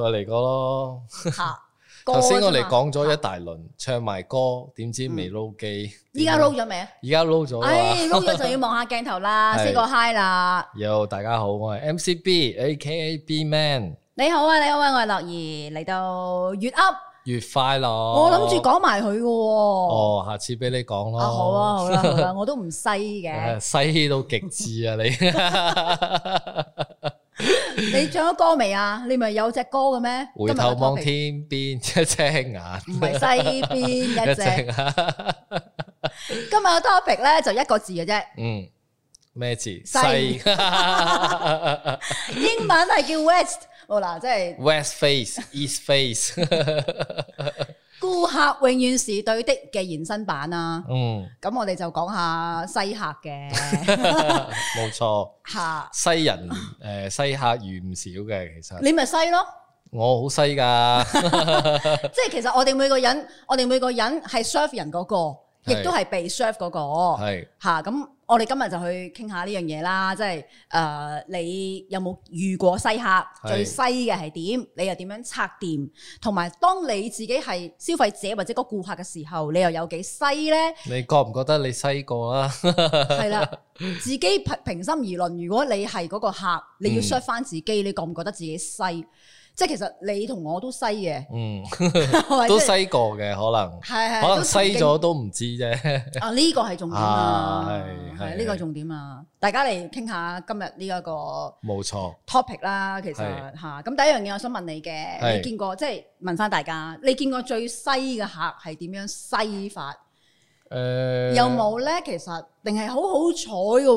再嚟過咯！頭先我哋講咗一大輪，唱埋歌，點知未撈機？依家撈咗未啊？依家撈咗，哎，撈咗就要望下鏡頭啦，先個 high 啦！Yo，大家好，我係 M C B A K A B Man。你好啊，你好啊，我係樂兒，嚟到越噏越快樂。我諗住講埋佢嘅喎。哦，下次俾你講咯。好啊，好啊，我都唔西嘅，西到極致啊！你。你唱咗歌未啊？你唔係有隻歌嘅咩？回頭望天邊一隻眼，唔係西邊一隻啊！隻 今日嘅 topic 咧就一個字嘅啫，嗯，咩字？西，西 英文係叫 west， 好啦，即係 west face，east face。Face. 顧客永遠是對的嘅延伸版啊。嗯，咁我哋就講下西客嘅 錯，冇錯，吓西人誒 西客余唔少嘅，其實你咪西咯，我好西㗎， 即係其實我哋每個人，我哋每個人係 serve 人嗰、那個，亦都係被 serve 嗰、那個，係吓咁。是啊。我哋今日就去傾下呢樣嘢啦，即係誒、呃，你有冇遇過西客？最西嘅係點？是你又點樣拆掂？同埋當你自己係消費者或者個顧客嘅時候，你又有幾西呢？你覺唔覺得你西過啊？係 啦，自己平心而論，如果你係嗰個客，你要 shout 翻自己，嗯、你覺唔覺得自己西？即係其實你同我都西嘅，嗯， 就係、都西過嘅可能，係係，可能西咗都唔知啫。啊呢、呢個係重點啊，係係呢個重點啊！係係係大家嚟傾下今日呢一個冇錯 topic 啦。沒錯 其實嚇咁是是 第一樣嘢，我想問你嘅，係係你見過即係、就係、問翻大家，你見過最西嘅客係點樣西法？誒，欸、有冇咧？其實定係好好彩嘅，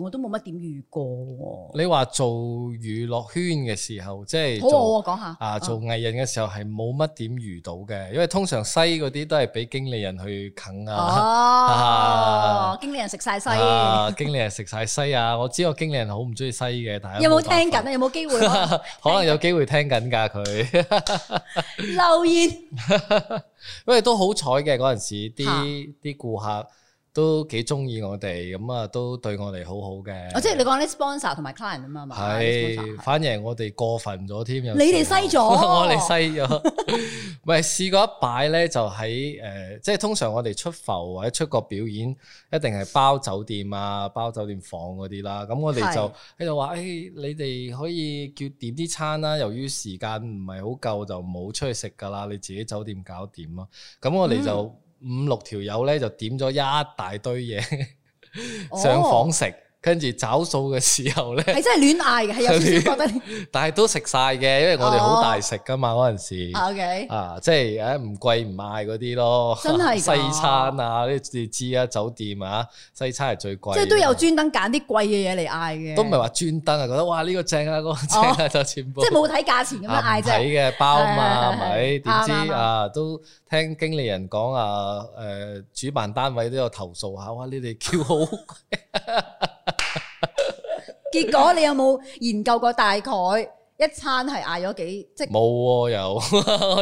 我都冇乜點遇過、哦。你話做娛樂圈嘅時候，即係好講、哦、下啊，做藝人嘅時候係冇乜點遇到嘅，因為通常西嗰啲都係俾經理人去啃、哦、啊。哦，經理人食晒西。啊，經理人食晒西啊！我知我經理人好唔中意西嘅，但係有冇聽緊啊？有冇機會？可能， 可能有機會聽緊噶。佢留言。因為，都好彩嘅嗰陣時，啲啲顧客。都幾中意我哋，咁啊都對我哋好好嘅、哦。即係你講啲 sponsor 同埋 client 啊嘛，係是。是反而我哋過分咗添，你哋西咗，了 我哋西咗。咪 試過一擺咧，就喺誒，即係通常我哋出埠或者出國表演，一定係包酒店啊，包酒店房嗰啲啦。咁我哋就喺度話：誒是、欸，你哋可以叫點啲餐啦。由於時間唔係好夠，就冇出去食噶啦，你自己酒店搞掂咯。咁我哋就。嗯五六條友咧就點咗一大堆嘢上房食，跟住找數嘅時候咧，係真係亂嗌嘅，係有啲覺得。但係都食晒嘅，因為我哋好大食噶嘛嗰陣時。啊，即係誒唔貴唔嗌嗰啲咯，真係，西餐啊，你哋知啊，酒店啊，西餐係最貴。即係都有專登揀啲貴嘅嘢嚟嗌嘅。都唔係話專登啊，覺得哇呢個正啊，嗰個正啊，就全部。即係冇睇價錢咁樣嗌啫。睇嘅包嘛，係咪？點知啊都。聽經理人講啊，誒，主辦單位都有投訴下，哇！你哋叫好，結果你有冇研究過大概一餐係嗌咗幾？即係冇，有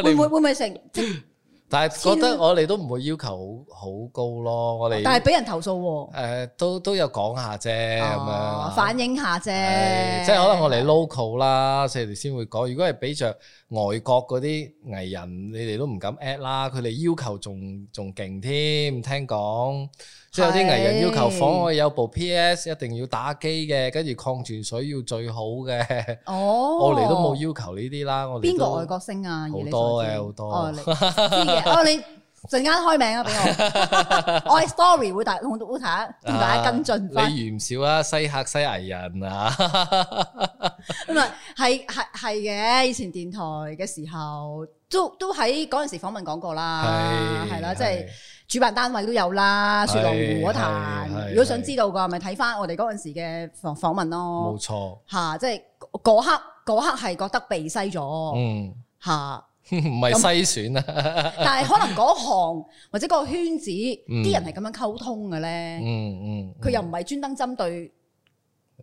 會唔會會唔會成？即係但係覺得我哋都唔會要求好好高咯，我哋但係俾人投訴，誒，都都有講下啫，咁樣反映下啫，即係可能我哋 local 啦，所以先會講。如果係俾着。外國嗰啲藝人，你哋都唔敢 at 啦，佢哋要求仲仲勁添，聽講，即係有啲藝人要求房外有部 P.S. 的一定要打機嘅，跟住礦泉水要最好嘅。哦，我哋都冇要求呢啲啦，我哋邊個外國星啊？好多嘅好多。哦你， 陣間開名啊！俾我，我 story 會帶同烏潭同大家跟進。例如唔少啊，西客西藝人啊，咁係係係係嘅。以前電台嘅時候，都都喺嗰陣時訪問講過啦，係是啦，即係主辦單位都有啦，雪龍湖嗰壇。是如果想知道嘅，咪睇翻我哋嗰陣時嘅訪訪問咯。冇錯，嚇，即係嗰刻嗰刻係覺得鼻西咗，嗯，吓。唔係篩選啦、啊，但係可能嗰行 或者嗰個圈子啲、嗯、人係咁樣溝通嘅咧、嗯。嗯嗯，佢又唔係專登針對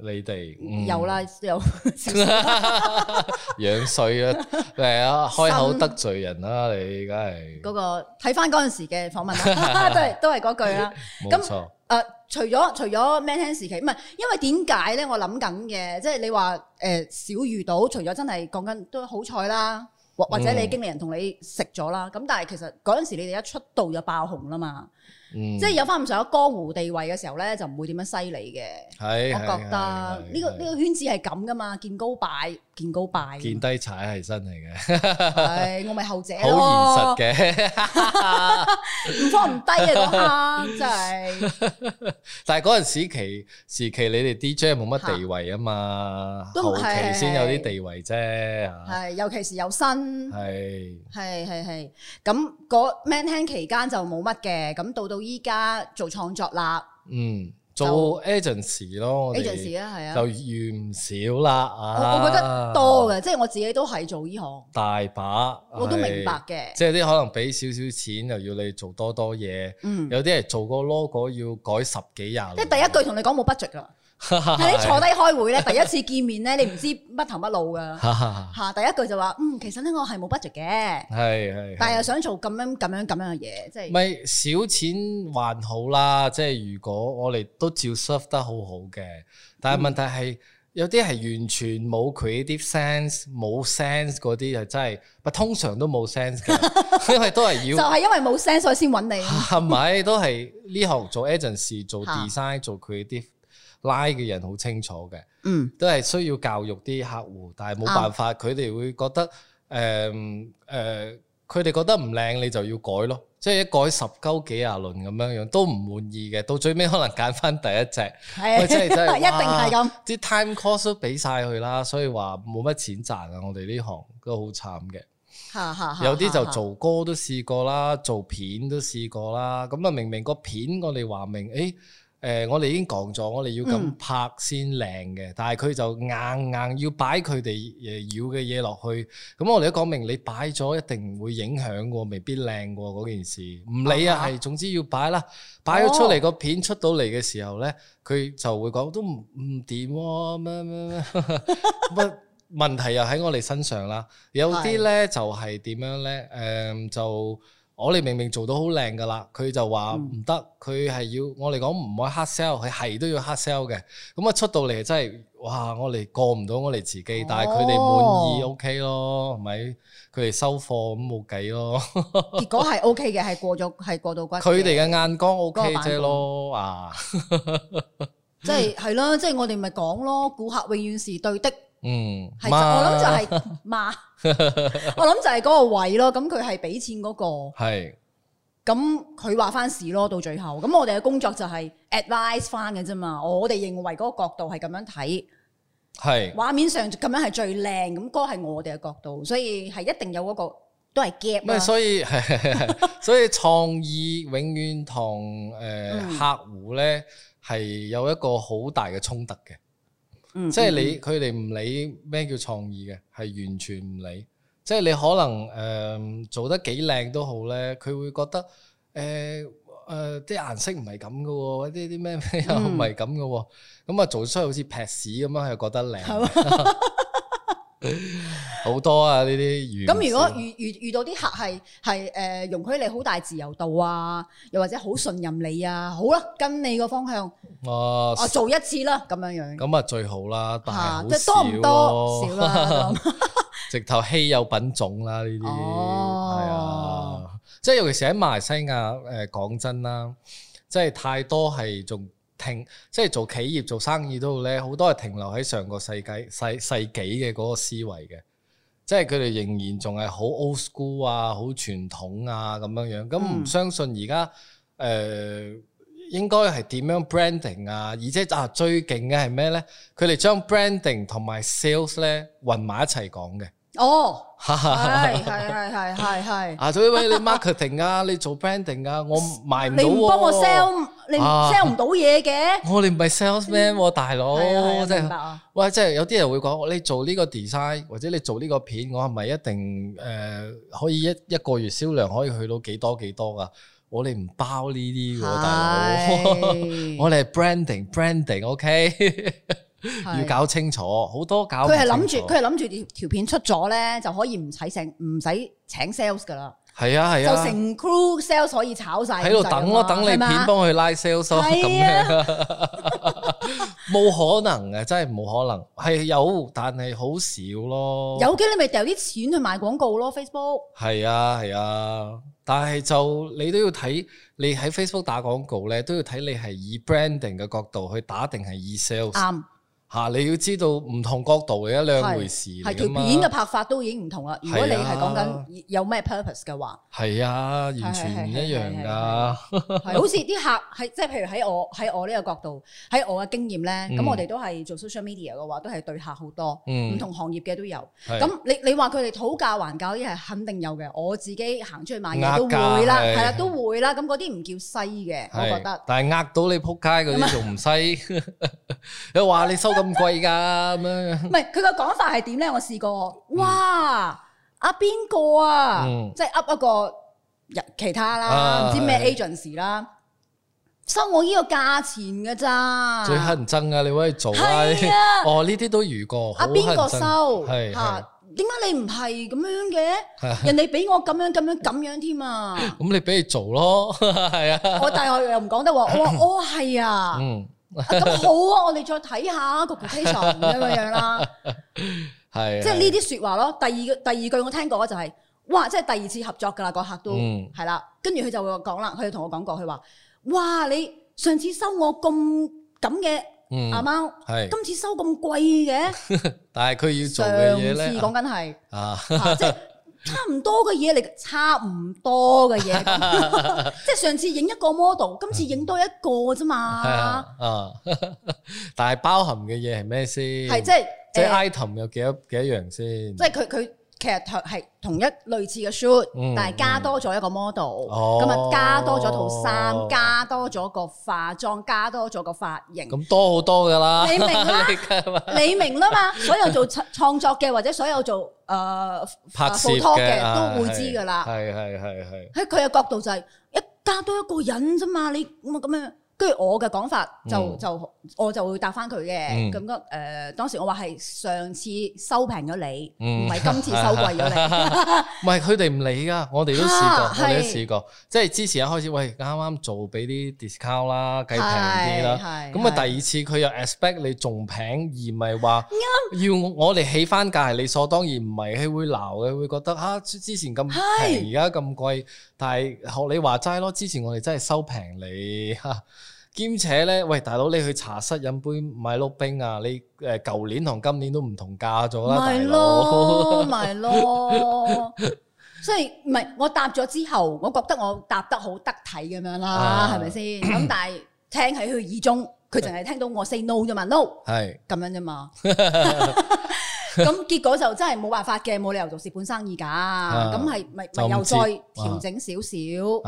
你哋，有啦有。樣衰 啊！ 開口得罪人啦、啊，你梗係嗰個睇翻嗰陣時嘅訪問都係都係嗰句啦。咁誒 沒錯、呃，除咗除咗 man hand 時期，唔係，因為點解咧？我諗緊嘅，即、就、係、是、你話誒、呃、少遇到，除咗真係講緊都好彩啦。或者你經理人同你食咗啦，咁、嗯、但係其實嗰陣時你哋一出道就爆紅啦嘛，嗯、即係有返咁上下江湖地位嘅時候咧，就唔會點樣犀利嘅。我覺得呢、呢個呢、呢個呢個圈子係咁噶嘛，見高拜。見高拜，見低踩係新嚟嘅。唉，我咪後者咯。好現實嘅，唔放唔低啊！真係，但係嗰陣時期時期你哋 DJ 冇乜地位啊嘛，後期先有啲地位啫。係，尤其是有新，係，係係係。咁嗰 man hang 期間就冇乜嘅，咁到到依家做創作啦。嗯。做 agency 咯，就我哋們、啊啊、就遇唔少啦。我我覺得多嘅，啊、即係我自己都係做呢、這、行、個。大把，我都明白嘅。即係啲可能俾少少錢，又要你做多多嘢。嗯、有啲係做個 logo 要改十幾廿。即係第一句同你講冇 budget 啊。.你坐低開會咧，第一次見面咧，你唔知乜頭乜腦噶吓，第一句就話：嗯，其實呢，我係冇 budget 嘅，係係，但係又想做咁樣咁樣咁樣嘅嘢，即係唔係少錢還好啦，即係如果我哋都照 serve 得好好嘅，但係問題係有啲係完全冇 creative sense，冇 sense 嗰啲就真係，不通常都冇 sense 嘅，因為都係要就係因為冇 sense 所以先揾你，係咪？都係呢行做 agency 做 design 做 creative。拉嘅人好清楚嘅，嗯，都係需要教育啲客戶，但係冇辦法，佢哋、嗯、會覺得，誒、呃，誒、呃，佢哋覺得唔靚，你就要改咯，即係一改十溝幾廿輪咁樣樣，都唔滿意嘅，到最尾可能揀翻第一隻，係啊的，即係真係 一定係咁。啲 time cost 都俾晒佢啦，所以話冇乜錢賺啊，我哋呢行都好慘嘅， 有啲就做歌都試過啦，做片都試過啦，咁啊明，明明個片我哋話明誒。誒、呃，我哋已經講咗，我哋要咁拍先靚嘅，嗯、但係佢就硬硬要擺佢哋誒要嘅嘢落去。咁我哋都講明，你擺咗一定唔會影響喎，未必靚喎嗰件事。唔理呀啊，係總之要擺啦。擺咗出嚟個片出到嚟嘅時候咧，佢、哦、就會講都唔唔掂咩咩咩。乜問題又喺我哋身上啦？有啲咧就係、是、點樣咧？誒、呃、就。我哋明明做到好靚噶啦，佢就話唔得，佢係、嗯、要我嚟講唔可以 hard sell，佢係都要 hard sell 嘅。咁啊出到嚟真係，哇！我哋過唔到我哋自己，但係佢哋滿意、哦、OK 咯，係咪？佢哋收貨咁冇計咯。結果係 OK 嘅，係過咗係過到關。佢哋嘅眼光 OK 啫咯，啊、 就是！即係係啦，即、就、係、是、我哋咪講咯，顧客永遠是對的。嗯，是媽我諗就係、是、媽，媽 我諗就係嗰個位咯。咁佢係俾錢嗰、那個，係咁佢話翻事咯。到最後，咁我哋嘅工作就係 advise 翻嘅啫嘛。我哋認為嗰個角度係咁樣睇，係畫是面上咁樣係最靚。咁嗰個係我哋嘅角度，所以係一定有嗰、那個都係 gap、啊。咁所以 所以創意永遠同誒客戶咧係有一個好大嘅衝突嘅。嗯、即係你佢哋唔理咩叫創意嘅，係完全唔理。即係你可能誒、呃、做得幾靚都好咧，佢會覺得誒誒啲顏色唔係咁噶，或者啲咩咩又唔係咁噶，咁啊、嗯、做出嚟好似劈屎咁樣，佢又覺得靚。吧 好多啊！呢啲咁如果遇遇遇到啲客係係誒，容許你好大自由度啊，又或者好信任你啊，好啦，跟你個方向，我、啊啊、做一次啦，咁樣樣咁咪最好啦，但係、啊啊、多唔多少啦了， 直頭稀有品種啦呢啲係啊，即係尤其係喺馬來西亞誒，講、呃、真啦，即係太多係仲。停，即係做企業做生意都好，好多係停留喺上個世紀、世世紀嘅嗰個思維嘅，即係佢哋仍然仲係好 old school 啊，好傳統啊咁樣樣，咁唔相信而家誒，應該係點樣 branding 啊？而且啊，最勁嘅係咩咧？佢哋將 branding 同埋 sales 咧混埋一齊講嘅。哦。Oh. 係係係係係係。啊，所以喂，你 marketing 啊，你做 branding 啊，我賣唔到。你唔幫我 sell，你 sell 唔到嘢嘅。我哋唔係 salesman，大佬。明白啊。喂，即係有啲人會講，你做呢個 design 或者你做呢個片，我係咪一定誒可以一一個月銷量可以去到幾多幾多噶？我哋唔包呢啲嘅，大佬。我哋係 branding，branding，ok。要搞清楚，好多搞佢係諗住，佢係諗住條條片出咗咧，就可以唔使請唔使請 sales 噶啦。係啊係啊，啊就成 crew sales 可以炒晒。喺度等咯，等你片幫佢吧拉 sales 咁、啊、樣。冇可能嘅，真係冇可能。係有，但係好少咯。有機你咪掉啲錢去買廣告咯，Facebook、啊。係啊係啊，但係就你都要睇，你喺 Facebook 打廣告咧，都要睇你係以 branding 嘅角度去打定係以 sales。啱。Um, 吓，你要知道唔同角度嘅一兩回事嚟噶嘛，係條片嘅拍法都已經唔同啦。如果你係講緊有咩 purpose 嘅話，係啊，完全唔一樣噶。好似啲客係即係譬如喺我喺我呢個角度，喺我嘅經驗咧，咁我哋都係做 social media 嘅話，都係對客好多，唔同行業嘅都有。咁你你話佢哋討價還價呢啲係肯定有嘅，我自己行出去買嘢都會啦，係啦都會啦。咁嗰啲唔叫西嘅，我覺得。但係呃到你仆街嗰啲仲唔西？你話你收。咁貴噶咁樣，唔係佢個講法係點咧？我試過，哇！阿邊個啊，即係噏一個日其他啦，唔知咩 agency 啦，收我呢個價錢嘅咋？最乞人憎噶，你可以做啊！哦，呢啲都遇過，阿邊個收係吓？點解你唔係咁樣嘅？人哋俾我咁樣咁樣咁樣添啊！咁你俾佢做咯，係啊！我但係又唔講得話，我我係啊。咁、 啊、好啊！我哋再睇下、啊那個 presentation 咁樣樣、啊、啦，係 即係呢啲說話咯。第二第二句我聽過就係、是，哇！即係第二次合作噶啦，個客都係啦、嗯。跟住佢就會講啦，佢就同我講過，佢話，哇！你上次收我咁咁嘅阿貓，係今次收咁貴嘅， 但係佢要做嘅嘢咧，講緊係啊，即係。差唔多嘅嘢嚟，差唔多嘅嘢， 即係上次影一個 model，今次影多一個啫嘛。啊！ 但係包含嘅嘢係咩先？係、即係、即係是即係 item 有幾多幾多、呃、樣先？即係佢佢。其實係同一類似嘅 shoot，但係加多咗一個 model，咁啊加多咗套衫，加多咗個化妝，加多咗個髮型，咁多好多噶啦，你明啦， 你，吧你明啦嘛？所有做創作嘅或者所有做誒、呃、拍攝嘅、啊、都會知噶啦，係係係係喺佢嘅角度就係、是、一加多一個人啫嘛、就是，你咁啊咁樣。跟住我嘅講法就就我就會答翻佢嘅，咁嗰誒當時我話係上次收平咗你，唔係今次收貴咗你，唔係佢哋唔理噶，我哋都試過，我哋都試過，即係之前一開始喂啱啱做俾啲 discount 啦，計平啲啦，咁啊第二次佢又 expect 你仲平，而唔係話要我哋起翻價係理所當然，唔係佢會鬧嘅，會覺得啊之前咁平，而家咁貴，但係學你話齋咯，之前我哋真係收平你嚇。兼且咧，喂，大佬你去茶室飲杯美祿冰啊！你誒舊、呃、年同今年都唔同價咗啦，係咯，係咯ノ，所以唔係我答咗之後，我覺得我答得好得體咁樣啦，係咪先？咁、 嗯、但係聽喺佢耳中，佢淨係聽到我 say no 啫嘛，no 係咁樣啫嘛。蕉 咁 結果就真係冇辦法嘅，冇理由做蝕本生意噶。咁係咪咪又再調整少少，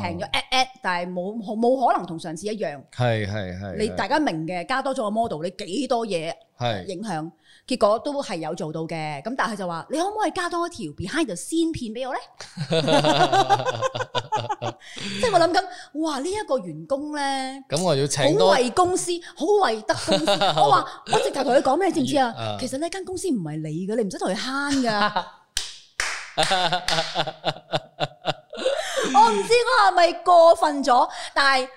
平咗 at at，但係冇冇可能同上次一樣。係係係，你大家明嘅，加多咗個 model，你幾多嘢影響，是結果都係有做到嘅。咁但係佢就話，你可唔可以加多一條 behind the scene 片俾我咧？ 即係我諗緊，哇！呢、這、一個員工咧，咁我要請多好為公司，好為得公司。 我話我直頭同佢講咩？你知唔知啊？其實呢間公司唔係你噶，你唔使同佢慳噶。我唔知我係咪過分咗，但係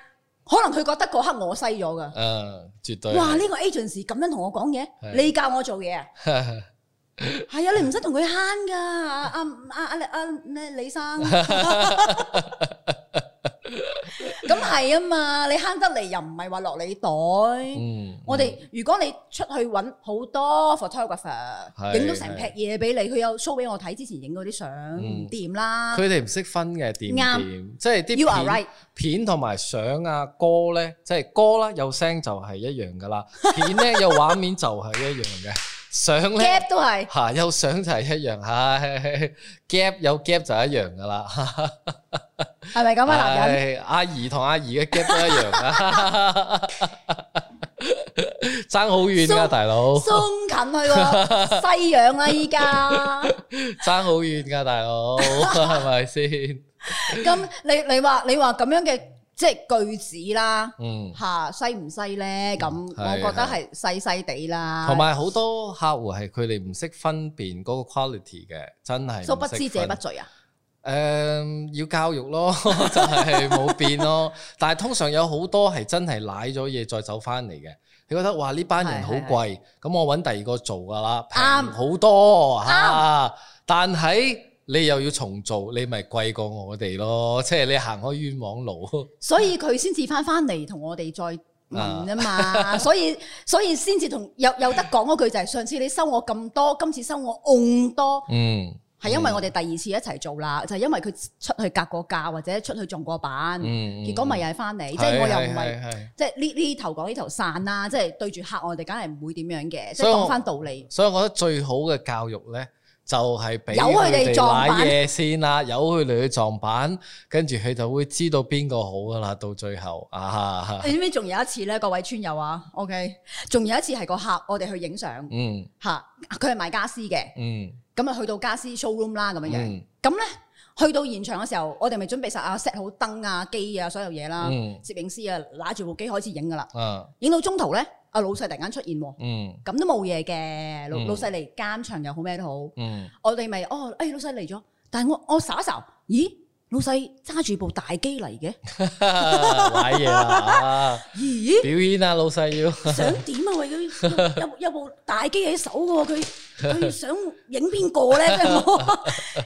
可能佢覺得嗰刻我細咗噶。嗯，絕對。哇！呢個 agent 係咁樣同我講嘢，你教我做嘢啊？係啊，你唔使同佢慳噶。啊，阿阿阿咩李生。 咁係啊嘛，你慳得嚟又唔係話落你袋。我、嗯、哋 如果你出去揾好多 photographer，影到成劈嘢俾你，佢又 show 俾我睇之前影嗰啲相，掂、嗯、啦。佢哋唔識分嘅點點，即係啲片片同埋相啊歌咧，即、就、係、是、歌啦有聲就係一樣噶啦， 片咧有畫面就係一樣嘅。 相咧，都係吓有相就係一樣，係 gap 有 gap 就一樣噶啦，係咪咁啊？係，阿姨同阿姨嘅 gap 都一樣，爭好遠噶大佬，松近去個西洋啊，依家爭好遠噶大佬，係咪先？咁你你話你話咁樣嘅？即係句子啦，嚇、嗯，細唔細咧？咁我、嗯、我覺得係細細地啦。同埋好多客戶係佢哋唔識分辨嗰個 quality 嘅，真係。所不知者不罪啊！誒、嗯，要教育咯，真係冇變咯。但係通常有好多係真係舐咗嘢再走翻嚟嘅。你覺得哇，呢班人好貴，咁的我揾第二個做㗎啦，啱好多嚇。嗯嗯嗯、但係你又要重做，你咪貴過我哋咯，即係你行開冤枉路。所以佢先至翻翻嚟，同我哋再問啊嘛，所以所以先至同有有得講嗰句就係，上次你收我咁多，今次收我咁多，嗯，係因為我哋第二次一齊做啦，就係因為佢出去隔過價或者出去撞過板，結果咪又係翻嚟，即係我又唔係，即係呢呢頭講呢頭散啦，即係對住客我哋梗係唔會點樣嘅，所以講翻道理。所以我覺得最好嘅教育呢。就係俾佢哋買嘢先啦，由佢哋去撞板，跟住佢就會知道邊個好噶啦。到最後，啊、你知唔知仲有一次咧？各位村友啊，OK，仲有一次係個客，我哋去影相，吓、嗯，佢係賣家私嘅，咁啊、嗯、去到家私 showroom 啦，咁樣樣，咁咧。去到現場嘅時候，我哋咪準備晒啊 set 好燈啊機啊所有嘢啦、啊，攝、嗯、影師啊攞住部機開始影噶啦，影、啊、到中途咧，阿老細突然間出現、啊，咁、嗯、都冇嘢嘅，老、嗯、老細嚟監場又好咩都好，嗯、我哋咪哦，誒、哎、老細嚟咗，但係我我睄一睄，咦？老細揸住部大機嚟嘅，玩嘢！ 啊！ 咦表演啊，老細要， 想點啊？我有有，有部大機喺手嘅喎，佢佢想影邊個咧？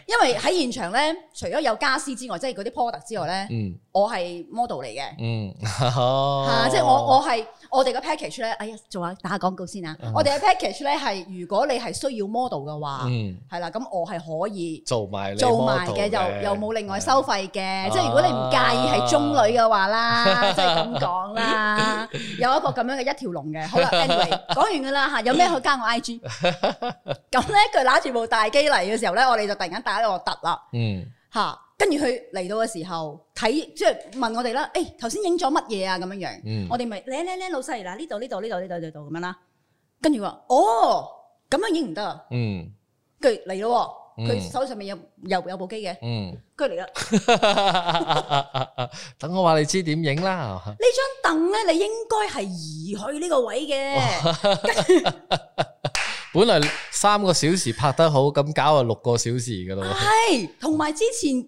因為喺現場咧，除咗有家私之外，即係嗰啲 product 之外咧，我係 model 嚟嘅，嚇，即係我我係。我哋個 package 咧，哎呀，做下打下廣告先啊！嗯、我哋嘅 package 咧係，如果你係需要 model 嘅話，係、嗯、啦，咁我係可以做埋做埋嘅，又又冇另外收費嘅，啊、即係如果你唔介意係中女嘅話、啊、啦，即係咁講啦，有一個咁樣嘅一條龍嘅，好啦，Anyway，講完噶啦吓，有咩可以加我 IG？咁咧， 佢拿住部大機嚟嘅時候咧，我哋就突然間打咗個突啦，嗯嚇，跟住佢嚟到嘅時候。喺即係問我哋啦，誒、欸，頭先影咗乜嘢啊？咁樣、嗯、叻叻叻樣，我哋咪叻叻叻老細啦，呢度呢度呢度呢度呢度咁樣啦，跟住話哦，咁樣影唔得啊，嗯，佢嚟咯，佢手上面有有有部機嘅，嗯，佢嚟啦，等我話你知點影啦，呢張凳咧，你應該係移去呢個位嘅，本來三個小時拍得好，咁搞啊六個小時噶咯，係、嗯，同埋之前。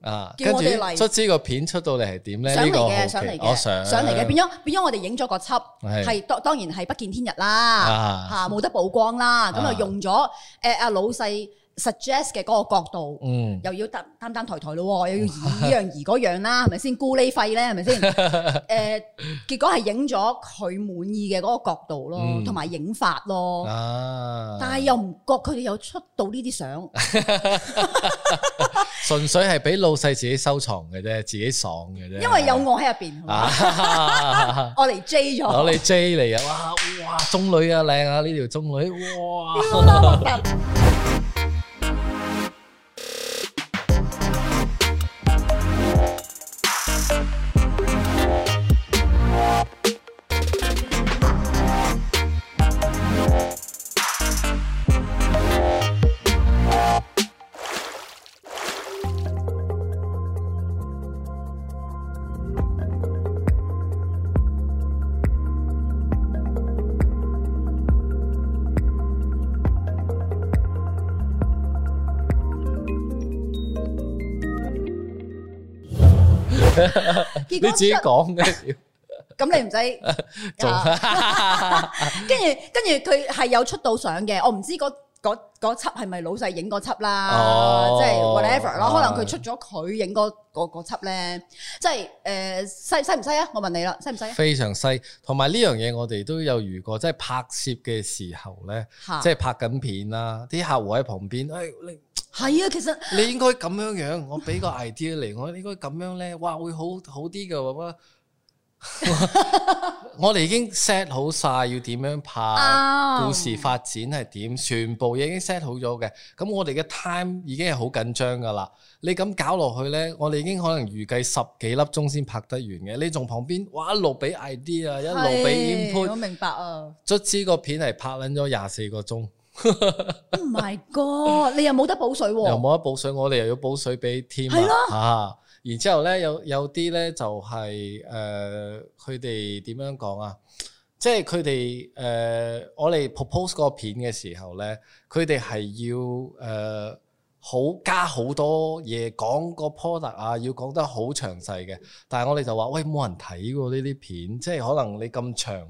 啊！跟住，出知個片出到嚟係點咧？上嚟嘅，上嚟嘅，上嚟嘅。變咗變咗，我哋影咗個輯，係當當然係不見天日啦，嚇冇得曝光啦。咁啊，用咗誒阿老細 suggest 嘅嗰個角度，嗯，又要擔擔抬抬咯，又要依樣兒嗰樣啦，係咪先？咕喱費咧，係咪先？誒，結果係影咗佢滿意嘅嗰個角度咯，同埋影法咯，但係又唔覺佢哋有出到呢啲相。純粹係俾老細自己收藏嘅啫，自己爽嘅啫。因為有我喺入邊，我嚟 J 咗，我嚟 J 嚟啊！哇哇，中女啊，靚啊，呢條中女，哇！ 你自己講嘅，咁你唔使跟住跟住佢係有出到相嘅，我唔知嗰嗰嗰輯係咪老細影嗰輯啦，哦，即係 whatever 咯，可能佢出咗佢影嗰嗰嗰輯咧，即係誒，犀犀唔犀啊？我問你啦，犀唔犀？非常犀。同埋呢樣嘢，我哋都有遇過，即係拍攝嘅時候咧，即係拍緊片啊，啲客戶喺旁邊，哎。係啊，其實你應該咁樣樣，我俾個 idea 嚟，我應該咁樣咧，哇會好好啲嘅， 我我我哋已經 set 好晒要點樣拍，oh。故事發展係點，全部已經 set 好咗嘅。咁我哋嘅 time 已經係好緊張噶啦，你咁搞落去咧，我哋已經可能預計十幾粒鐘先拍得完嘅。你仲旁邊，哇一路俾 idea，一路俾 input，我明白啊。卒之個片係拍捻咗廿四個鐘。唔係哥，你又冇得補水喎、啊？又冇得補水，我哋又要補水俾 team、啊。係咯的，吓、啊，然之後咧有有啲咧就係、是、誒，佢哋點樣講啊？即係佢哋誒，我哋 propose 個片嘅時候咧，佢哋係要誒、呃、好加好多嘢講個 product 啊，要講得好詳細嘅。但係我哋就話喂，冇人睇喎呢啲片，即係可能你咁長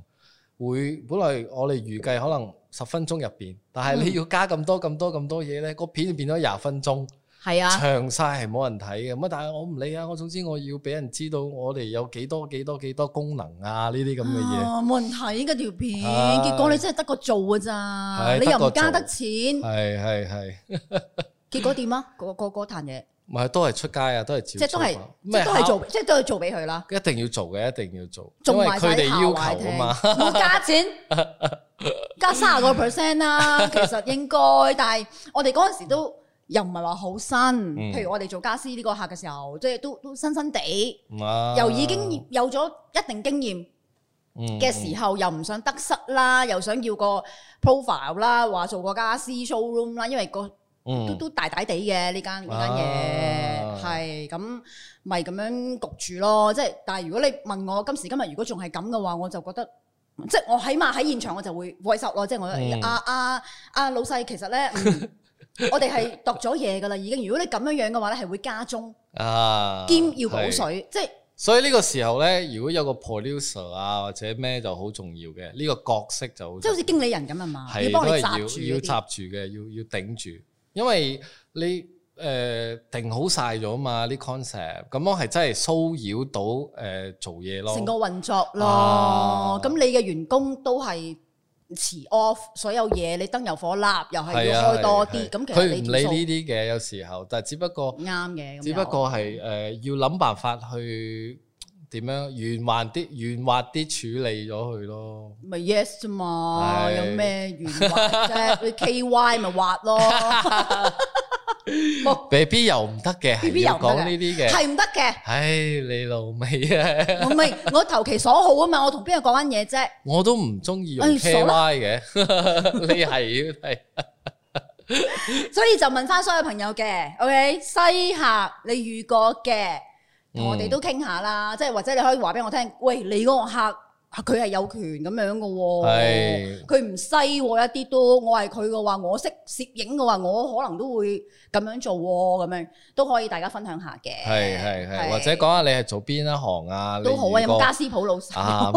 會本來我哋預計可能。十分鐘入邊，但係你要加咁多咁、嗯、多咁多嘢咧，個片變咗廿分鐘，係是啊，長晒係冇人睇嘅。乜但係我唔理啊，我總之我要俾人知道我哋有幾多幾多幾多功能啊，呢啲咁嘅嘢冇人睇嘅條片，啊、結果你真係得個做㗎咋，的你又唔加得錢，係係係， 結果點啊？個個個彈嘢。唔係，都係出街啊，都係照即係都係，即係都係做，即係都係做俾佢啦。一定要做嘅，一定要做，因為佢哋要求啊嘛。冇加錢加卅個 percent 啦，其實應該。但係我哋嗰陣時都又唔係話好新，譬如我哋做家私呢個客嘅時候，即係都都新新地，又已經有咗一定經驗嘅時候，又唔想得失啦，又想要個 profile 啦，話做個家私 showroom 啦，因為個。嗯、都都大大地嘅呢間、啊、間嘢係咁，咪咁樣焗住咯。即係，但係如果你問我今時今日如果仲係咁嘅話，我就覺得，即係我起碼喺現場我就會喂，實咯、嗯。即係我阿阿阿老細，其實咧，嗯、 我哋係讀咗嘢噶啦，已經。如果你咁樣樣嘅話咧，係會加鐘啊兼要補水，是即係。所以呢個時候咧，如果有個 producer 啊或者咩就好重要嘅，呢、這個角色就，重要就好。即係好似經理人咁啊嘛，要幫你插住，住，要插住嘅，要要頂住。因為你誒定好晒咗嘛呢 concept，咁我係真係騷擾到誒做嘢咯，成個運作咯，咁你嘅員工都係遲 off 所有嘢，你燈油火蠟又係要開多啲，咁其實你呢啲嘅有時候，但係只不過啱嘅，只不過係誒要諗辦法去。樣，圓點樣圓滑啲，圓滑啲處理咗佢咯？咪 yes 啫嘛，嗯、有咩圓滑啫？ 你 ky 咪滑咯？B B 又唔得嘅，BB 講呢啲嘅係唔得嘅。唉，你老味啊！唔係，我投其所好啊嘛，我同邊個講緊嘢啫？我都唔中意用 ky 嘅，哎、 你係要係。 所以就問翻所有朋友嘅，OK 西客你遇過嘅？我哋都傾下啦，即係或者你可以話俾我聽，嗯、喂，你嗰個客。佢係有權咁樣嘅，佢唔西一啲都，我係佢嘅話，我識攝影嘅話，我可能都會咁樣做，咁樣都可以大家分享下嘅。係係係，或者講下你係做邊一行啊？都好啊，有冇家私鋪老師啊？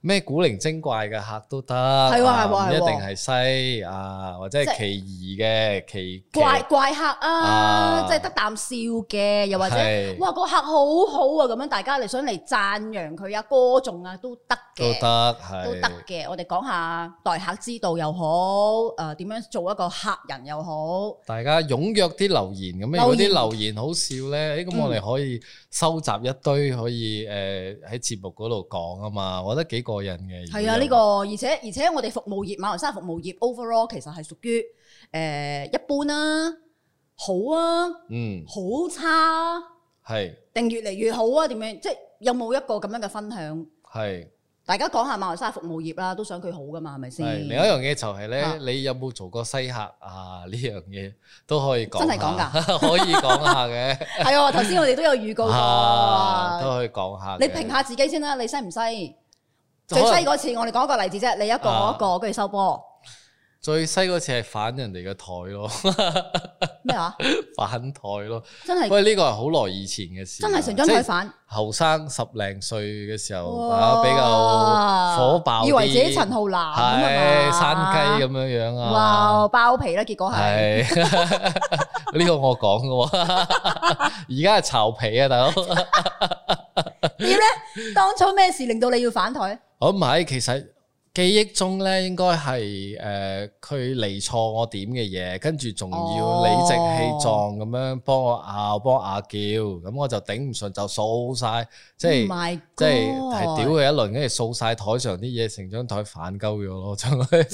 咩古靈精怪嘅客都得，係係一定係西啊，或者係奇異嘅奇怪怪客啊，即係得啖笑嘅，又或者哇，個客好好啊，咁樣大家嚟想嚟讚揚佢啊歌頌啊。都得嘅，都得係，都得嘅。我哋講下待客之道又好，誒點樣做一個客人又好。大家踊躍啲留言，咁樣有啲留言好笑咧，咁我哋可以收集一堆，可以誒喺節目嗰度講啊嘛。我覺得幾過癮嘅。係啊，呢個而且而且我哋服務業，馬來西亞服務業 overall 其實係屬於誒一般啦，好啊，嗯，好差係，定越嚟越好啊？點樣？即係有冇一個咁樣嘅分享？係，是大家講下馬來西亞服務業啦，都想佢好噶嘛，係咪先？另一樣嘢就係、是、咧，啊、你有冇做過西客啊？呢樣嘢都可以講，真係講噶，可以講下嘅。係啊，頭先我哋都有預告過，都可以講下。你評下自己先啦，你犀唔犀？最犀嗰次，我哋講一個例子啫，你一個我一個跟住收波。啊最西嗰次係反人哋嘅台咯。咩話反台咯？真係，喂，呢個係好耐以前嘅事。真係成張台反。後生十零歲嘅時候，比較火爆，以為自己陳浩南，係山雞咁樣樣啊，爆皮啦，結果係呢個我講嘅，而家係巢皮啊，大佬。點咧？當初咩事令到你要反台？我唔係，其實。記憶中咧，應該係誒佢嚟錯我點嘅嘢，跟住仲要理直氣壯咁樣幫我拗，哦、我幫我嗌叫，咁、嗯、我就頂唔順就掃晒，即係、oh、my 即係係屌佢一輪，跟住掃晒台上啲嘢，成張台反鳩咗咯，真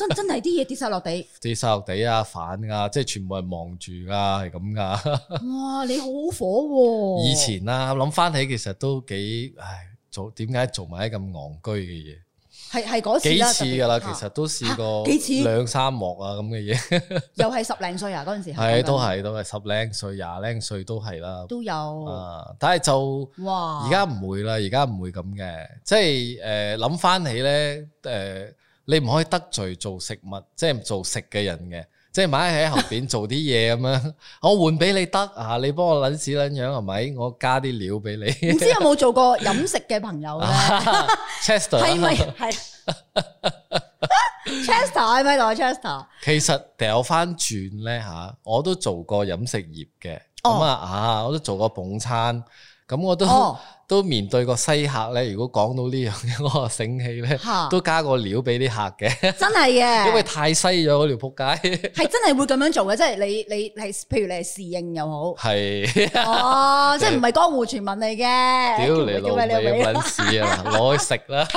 真係啲嘢跌晒落地，跌晒落地啊，反啊，即係全部係望住啊，係咁噶。哇！你好火喎、啊！ 以前啦、啊，諗返起其實都幾唉做，點解做埋啲咁戇居嘅嘢。係係嗰次，啊、幾次噶啦，啊、其實都試過，啊、幾次兩三幕啊咁嘅嘢，又係十零歲啊嗰陣時，係 都係都係十零歲，廿零歲都係啦，都有啊，但係就哇而家唔會啦，而家唔會咁嘅，即係誒諗翻起咧誒、呃，你唔可以得罪做食物，即係做食嘅人嘅。即係買喺後邊做啲嘢咁樣， 我換俾你得啊！你幫我捻屎捻樣係咪？我加啲料俾你。唔 知有冇做過飲食嘅朋友咧？Chester 係咪係？Chester 係咪同我 Chester？其實掉翻轉咧吓，我都做過飲食業嘅。咁啊、oh. 啊，我都做過捧餐，咁我都。Oh. 都面對個西客咧，如果講到呢樣嘢，我醒氣咧，都加個料俾啲客嘅。真係嘅，因為太西咗嗰條仆街，係真係會咁樣做嘅。即係你你你，譬如你係侍應又好，係哦，即係唔係江湖傳聞嚟嘅？屌你老味，你揾屎啊！我去食啦，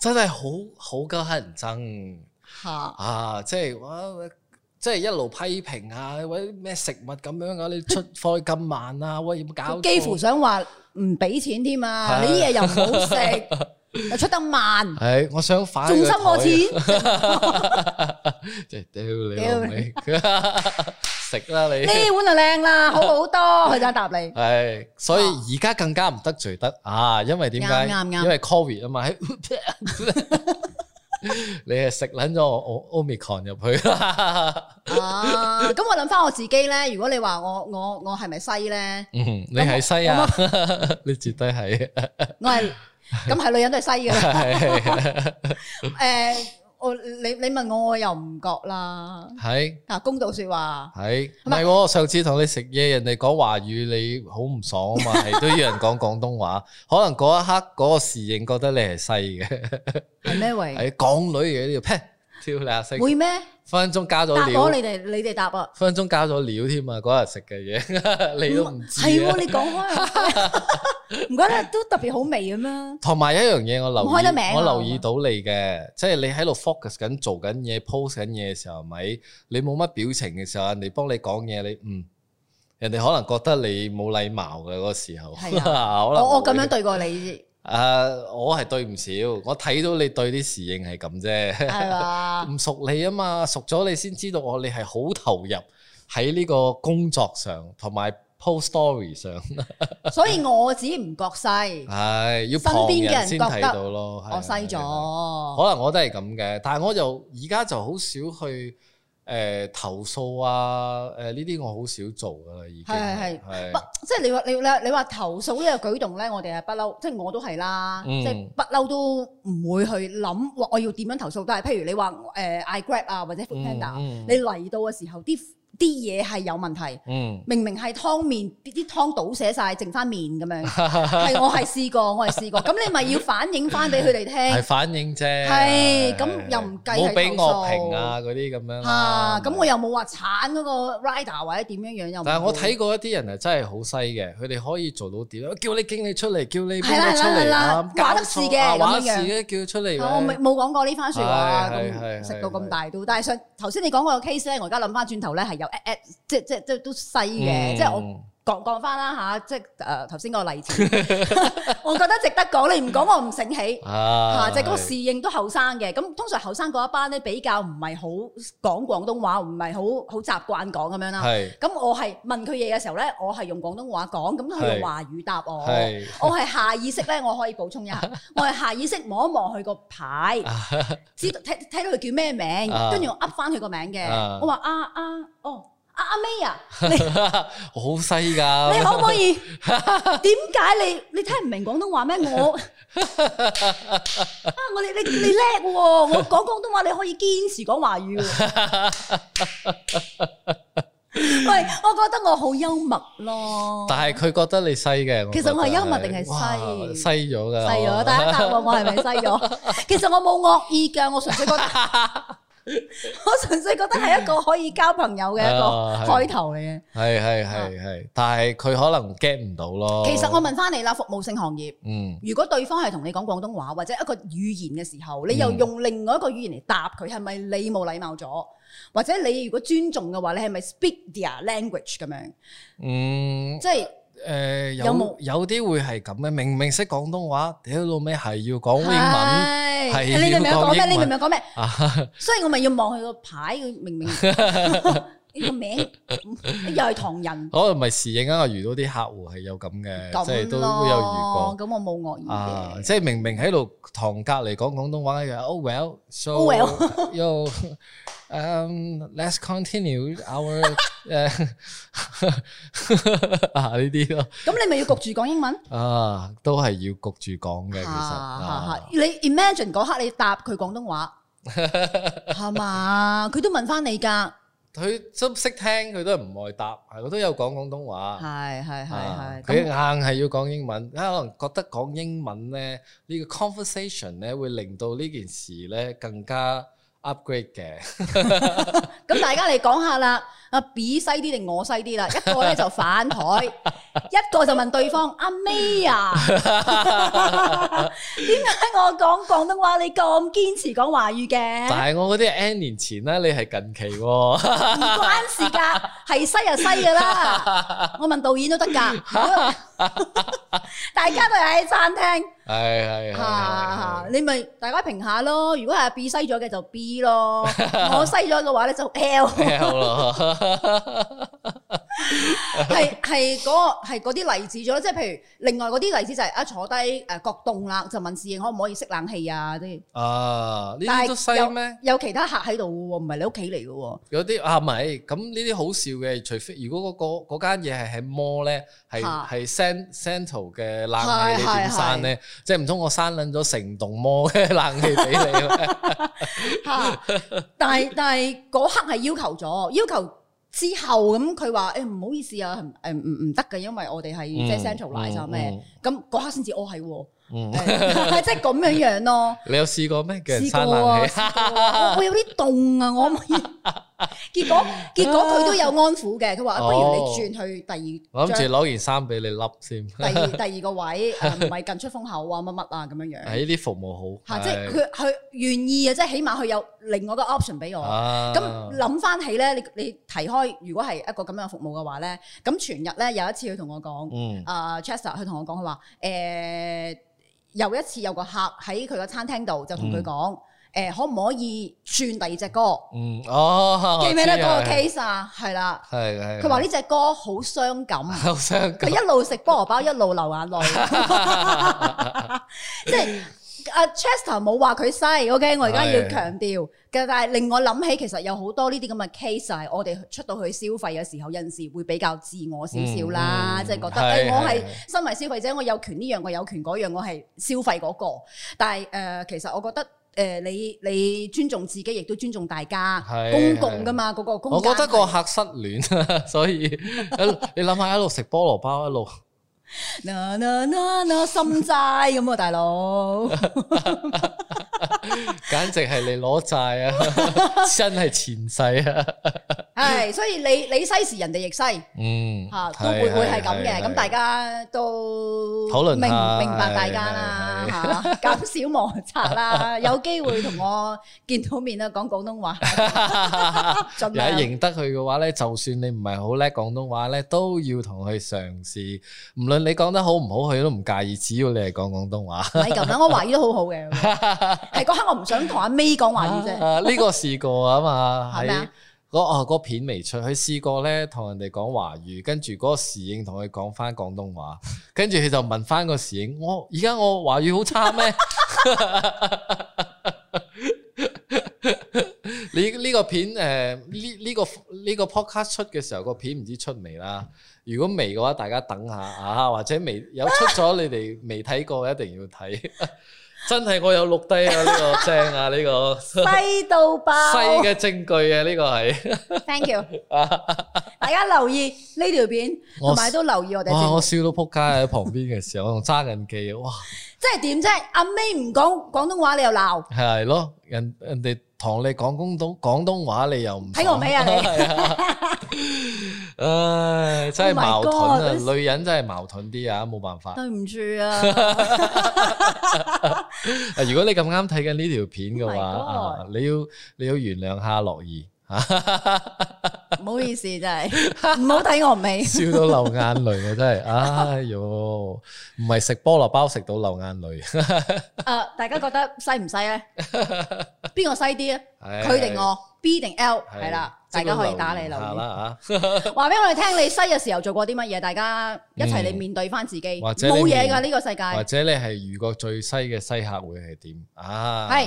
真係好好鳩乞人憎嚇啊！即係我。即係一路批評啊，或者咩食物咁樣啊，你出貨咁慢啊，喂，點搞？幾乎想話唔俾錢添啊！你啲嘢又唔好食，又出得慢。係，我想反。仲收我錢？即係屌你老味！食啦你。呢碗就靚啦，好好多佢就答你。係，所以而家更加唔得罪得啊，因為點解？因為 Covid 啊嘛。 你係食捻咗我 Omicron 入去咁、 啊、我諗翻我自己咧，如果你話我我我係咪西咧？嗯，你係西啊，我嗎 你絕對係。 我係，咁係女人都係西嘅 欸。誒。我你你問我我又唔覺啦，係嗱是公道說話，係唔係？是是上次同你食嘢，人哋講華語你好唔爽啊嘛，係 都要人講廣東話，可能嗰一刻嗰個侍應覺得你係西嘅，係咩位？係港女嚟嘅，劈。會咩？分分鐘加咗料，你哋你哋答啊！分分鐘加咗料添啊！嗰日食嘅嘢，你都唔知啊！係你講開，唔怪得，都特別好味啊嘛！同埋一樣嘢，我留我留意到你嘅，即係你喺度 focus 緊做緊嘢，pose 緊嘢嘅時候，咪你冇乜表情嘅時候，人哋幫你講嘢，你嗯，人哋可能覺得你冇禮貌嘅嗰個時候，係啦，我我咁樣對過你。誒、uh,，我係對唔少，我睇到你對啲侍應係咁啫，係唔吧 熟你啊嘛，熟咗你先知道我你係好投入喺呢個工作上，同埋 post story 上 ，所以我只唔覺細，係、 哎、要旁邊人先睇到咯，得得我細咗， 可能我都係咁嘅，但係我就而家就好少去。誒、呃，投訴啊，誒呢啲我好少做噶啦，已經係係，是不即係你話你你你話投訴呢個舉動咧，我哋係不嬲，即係我都係啦，即係、嗯、不嬲都唔會去諗我要點樣投訴，但係譬如你話誒、呃、iGrab 啊或者 Foodpanda，、嗯嗯、你嚟到嘅時候啲。啲嘢係有問題，明明係湯麵啲湯倒瀉晒，剩翻麵咁樣，係我係試過，我係試過。咁你咪要反映翻俾佢哋聽，係反映啫。係咁又唔計。唔好俾我評啊嗰啲咁樣。嚇！咁我又冇話鏟嗰個 rider 或者點樣樣又。但係我睇過一啲人係真係好犀嘅，佢哋可以做到點？叫你經理出嚟，叫你咩出嚟啊？玩得事嘅，玩得事嘅叫出嚟。我未冇講過呢番説話，食到咁大都。但係上頭先你講個 case 咧，我而家諗翻轉頭咧係有。誒誒，欸欸嗯、即係即係即係都細嘅，即係我。講一講翻啦嚇，即係誒頭先嗰個例子， 我覺得值得講。你唔講我唔醒起嚇，啊啊、即係嗰個侍應都後生嘅。咁通常後生嗰一班咧，比較唔係好講廣東話，唔係好好習慣講咁樣啦。咁是我係問佢嘢嘅時候咧，我係用廣東話講，咁佢用華語答我。我係下意識咧， 我可以補充一下，我係下意識望一望佢個牌，知道睇睇到佢叫咩名，跟住我噏翻佢個名嘅。我話啊啊，哦。阿、啊、May 啊，你好西噶，你可唔可以？點解你你聽唔明廣東話咩？我 啊，啊，我你你你叻嘅，我講廣東話你可以堅持講華語，啊。 喂，我覺得我好幽默咯。但係佢覺得你西嘅，其實我係幽默定係哇哇西？西咗了噶，西咗。大家答我，我係咪西咗？ 其實我冇惡意噶，我純粹覺得。 我純粹覺得係一個可以交朋友嘅一個開頭嚟嘅，係係係係，但係佢可能 get 唔到咯。其實我問翻你啦，服務性行業，嗯，如果對方係同你講廣東話或者一個語言嘅時候，你又用另外一個語言嚟答佢，係咪你冇禮貌咗？或者你如果尊重嘅話，你係咪 speak their language 咁樣？嗯，即係誒，呃、有冇有啲會係咁嘅？明明識廣東話，屌老味係要講英文。是是你明明講咩？你明明講咩？ 所以我咪要望佢個牌，佢明唔明？ 呢個名又係唐人，我唔係侍應啊！我遇到啲客戶係有咁嘅，即係都有遇過。咁我冇惡意嘅，即係明明喺度同隔離講廣東話嘅。Oh well, so, yo, um, let's continue our 誒呢啲咯。咁你咪要焗住講英文啊？都係要焗住講嘅。其實你 imagine 嗰刻你答佢廣東話係嘛？佢都問翻你㗎。佢都識聽，佢都係唔愛答，係，我都有講廣東話，係係係係，佢硬係要講英文，可能覺得講英文咧，呢個 conversation 咧會令到呢件事咧更加 upgrade 嘅。咁大家嚟講下啦，啊，你西啲定我西啲啦？一個咧就反台。 一個就問對方阿 May 啊？點解 我講廣東話，你咁堅持講華語嘅？但係我嗰啲 N 年前呢，你係近期，唔 關事㗎，係西就西噶啦。 我問導演都得噶， 大家都係喺餐廳。係係，吓你咪大家評下咯。如果係 B 西咗嘅就 B 咯， 我西咗嘅話咧就 L。 係係嗰個係嗰啲例子咗，即係譬如另外嗰啲例子就係、是、一坐低誒，覺凍啦，就問侍應可唔可以熄冷氣啊啲。啊，呢啲西咩？有其他客喺度喎，唔係你屋企嚟嘅喎。有啲啊咪咁呢啲好笑嘅，除非如果嗰個間嘢係喺摩咧，係係 cent central 嘅冷氣點閂咧。即係唔通我閂捻咗成棟屋嘅冷氣俾你？吓、 啊，但係但係嗰刻係要求咗，要求之後咁佢話誒，唔好意思啊，誒唔唔得㗎，因為我哋係即係 central line 啊咩，咁嗰刻先至哦係，即係咁樣樣、啊、咯。你有試過咩？叫人閂冷氣，我有啲凍啊，我。我 結果結果佢都有安撫嘅，佢話不如你轉去第二，諗住攞件衫俾你笠先。第二第二個位唔係、 啊、近出風口啊，乜乜啊咁樣樣。喺呢啲服務好，即係佢佢願意啊，啊即係起碼佢有另外一個 option 俾我。咁諗翻起咧，你你提開，如果係一個咁樣服務嘅話咧，咁全日咧有一次佢同我講，啊 Chester 佢同我講佢話，誒、呃，有一次有個客喺佢個餐廳度就同佢講。嗯誒，可唔可以轉第二隻歌？嗯，哦，記唔記得嗰個 case 啊？係啦，係佢話呢隻歌好傷感，好傷。佢一路食菠蘿包，一路流眼淚。即係阿 Chester 冇話佢犀。OK，我而家要強調。但係令我諗起，其實有好多呢啲咁嘅 case 係我哋出到去消費嘅時候，有陣時會比較自我少少啦。即係覺得誒，我係身為消費者，我有權呢樣，我有權嗰樣，我係消費嗰個。但係誒，其實我覺得。誒、呃，你你尊重自己，亦都尊重大家，公共噶嘛嗰、嗰個，我覺得個客失戀 所以你諗下一路食菠蘿包一路 ，嗱嗱嗱，心齋咁啊，大佬， 簡直係你攞債啊，真係前世啊！ 係，所以你你西時人哋亦西，嗯吓都會會係咁嘅，咁大家都討論明明白大家啦吓，減是少摩擦啦。 有機會同我見到面啦，講廣東話，你、嗯、 盡量。認得佢嘅話咧，就算你唔係好叻廣東話咧，都要同佢嘗試。無論你講得好唔好，佢都唔介意，只要你係講廣東話。咪咁啦，我華語都好好嘅，係嗰 刻我唔想同阿 May 講華語啫。呢、 啊啊啊啊這個試過啊嘛，係。嗰啊片未出，佢試過咧同人哋講華語，跟住嗰個侍應同佢講翻廣東話，跟住佢就問翻個侍應：我而家我華語好差咩？你呢個片誒呢呢個呢、呢個呢個 podcast 出嘅時候，個片唔知出未啦？如果未嘅話，大家等下啊，或者未有出咗，你哋未睇過，一定要睇。 真係我有錄低啊！呢個 正啊，呢、呢個細 到爆，細嘅證據啊，呢、呢個係。Thank you。 大家留意呢條片，同埋我都留意我哋。哇！我笑到仆街喺旁邊嘅時候， 我仲揸緊機啊！哇！即係點啫？阿 May 唔講廣東話你又鬧？係咯，人人哋。人同你講廣東廣東話你又唔睇我咩啊你？係 唉，真係矛盾啊！Oh my God, 女人真係矛盾啲啊，冇辦法。對唔住啊！啊 如果你咁啱睇緊呢條片嘅話，oh 啊，你要你要原諒下樂兒。唔好意思，真係唔好睇我唔起，笑到流眼淚啊！真係，哎喲，唔係食菠蘿包食到流眼淚。誒、 呃，大家覺得犀唔犀咧？邊 個犀啲咧？佢定 的我？B 定 L？係啦、嗯，大家可以打你留言啊！話俾我哋聽，你犀嘅時候做過啲乜嘢？大家一齊嚟面對翻自己，冇嘢㗎呢個世界。或者你係如果最犀嘅西客會係點？啊，係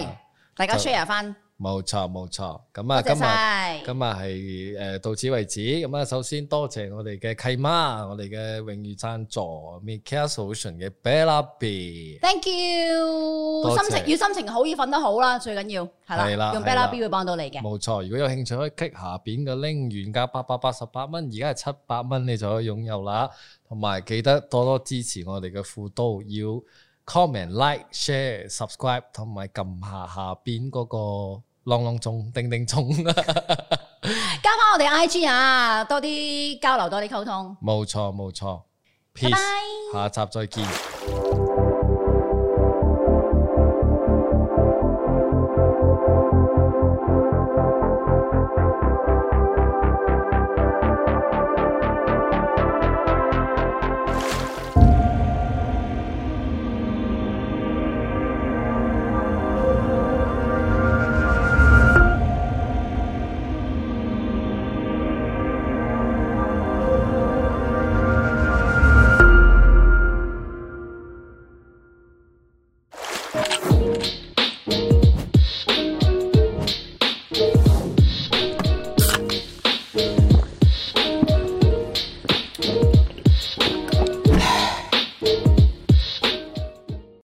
大家 share 翻。冇錯冇錯，咁啊、嗯、謝今日今日係誒到此為止，咁、嗯、啊首先多謝我哋嘅契媽，我哋嘅榮譽贊助 Mikasolution 嘅 Belabie，Thank you，謝心情要心情好，要瞓得好啦，最緊要係啦，了用 Belabie 了會幫到你嘅。冇錯，如果有興趣可以 click 下邊嘅 link 原價八百八十八蚊，而家係七百蚊，你就可以擁有啦。同埋記得多多支持我哋嘅副都，要。comment、like、share、subscribe 同埋撳下下邊嗰個浪浪鐘、叮叮鐘，加翻我哋 IG 啊，多啲交流，多啲溝通。冇錯冇錯，peace，下一集再見。